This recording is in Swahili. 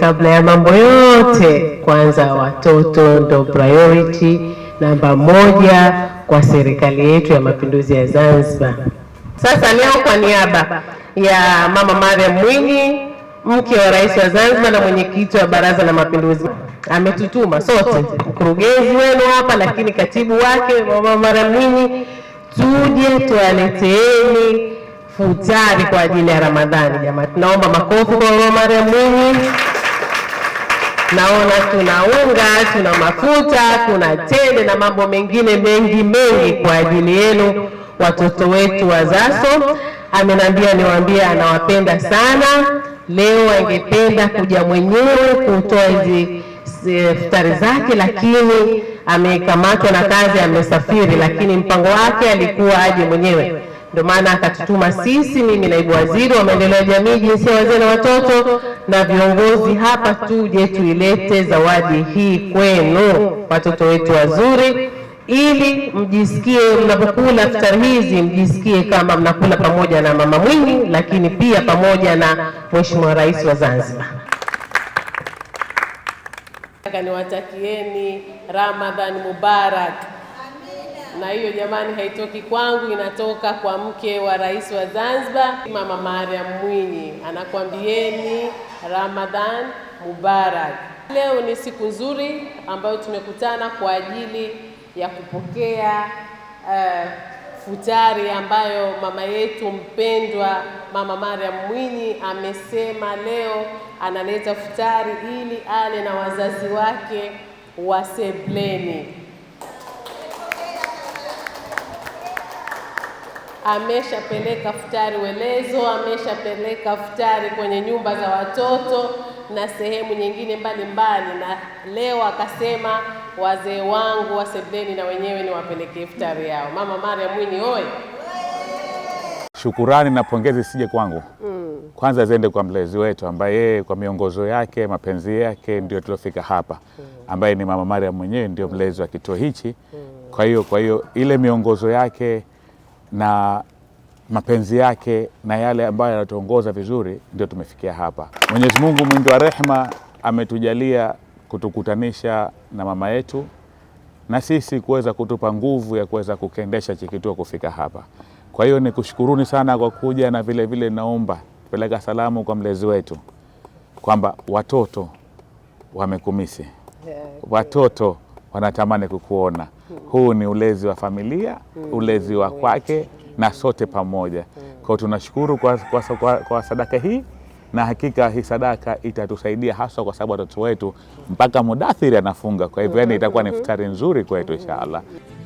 Kabla ya mambo yote, kwanza watoto ndo priority namba moja kwa serikali yetu ya mapinduzi ya Zanzibar. Sasa leo kwa niaba ya Mama Mariam Mwinyi, mke wa rais wa Zanzibar na mwenyekiti wa Baraza la Mapinduzi, ametutuma sote, mkurugenzi wenu hapa, lakini katibu wake Mama Mariam Mwinyi, tuje tuwaleteeni futari kwa ajili ya Ramadhani. Jamaa, tunaomba makofi kwa Mama Mariam Mwinyi naona tuna unga, tuna mafuta, tuna tende na mambo mengine mengi mengi kwa ajili yenu watoto wetu wa Zaso. Ameniambia niwaambie anawapenda sana. Leo angependa kuja mwenyewe kutoa hizi eh, futari zake, lakini amekamatwa na kazi, amesafiri, lakini mpango wake alikuwa aje mwenyewe. Ndio maana akatutuma sisi, mimi naibu waziri wa maendeleo ya jamii, jinsia, wazee na watoto, na viongozi hapa, tuje tuilete zawadi hii kwenu, watoto wetu wazuri, ili mjisikie mnapokula futari hizi, mjisikie kama mnakula pamoja na Mama Mwinyi, lakini pia pamoja na Mheshimiwa Rais wa Zanzibar. Niwatakieni Ramadhan Mubarak na hiyo jamani, haitoki kwangu, inatoka kwa mke wa rais wa Zanzibar, Mama Mariam Mwinyi. Anakwambieni Ramadhan Mubarak. Leo ni siku nzuri ambayo tumekutana kwa ajili ya kupokea uh, futari ambayo mama yetu mpendwa Mama Mariam Mwinyi amesema leo analeta futari ili ale na wazazi wake wa ameshapeleka futari Welezo, ameshapeleka futari kwenye nyumba za watoto na sehemu nyingine mbalimbali mbali. Na leo akasema wazee wangu wa Sebdeni na wenyewe ni wapelekee futari yao. Mama Mariam Mwini oye! Shukurani na pongezi sije kwangu mm. Kwanza ziende kwa mlezi wetu ambaye yeye kwa miongozo yake mapenzi yake mm. ndio tuliofika hapa mm. ambaye ni Mama Mariam mwenyewe ndio mlezi wa kituo hichi mm. kwa hiyo kwa hiyo ile miongozo yake na mapenzi yake na yale ambayo yanatuongoza vizuri, ndio tumefikia hapa. Mwenyezi Mungu mwingi wa rehema ametujalia kutukutanisha na mama yetu na sisi kuweza kutupa nguvu ya kuweza kukendesha chikituo kufika hapa. Kwa hiyo ni kushukuruni sana kwa kuja, na vile vile naomba peleka salamu kwa mlezi wetu kwamba watoto wamekumisi, watoto wanatamani kukuona. Hmm. Huu ni ulezi wa familia hmm, ulezi wa kwake na sote pamoja hmm. Kwao tunashukuru kwa, kwa, kwa, kwa sadaka hii na hakika hii sadaka itatusaidia haswa kwa sababu watoto wetu mpaka Mudathiri anafunga. Kwa hivyo, yani itakuwa ni hmm. futari nzuri kwetu hmm.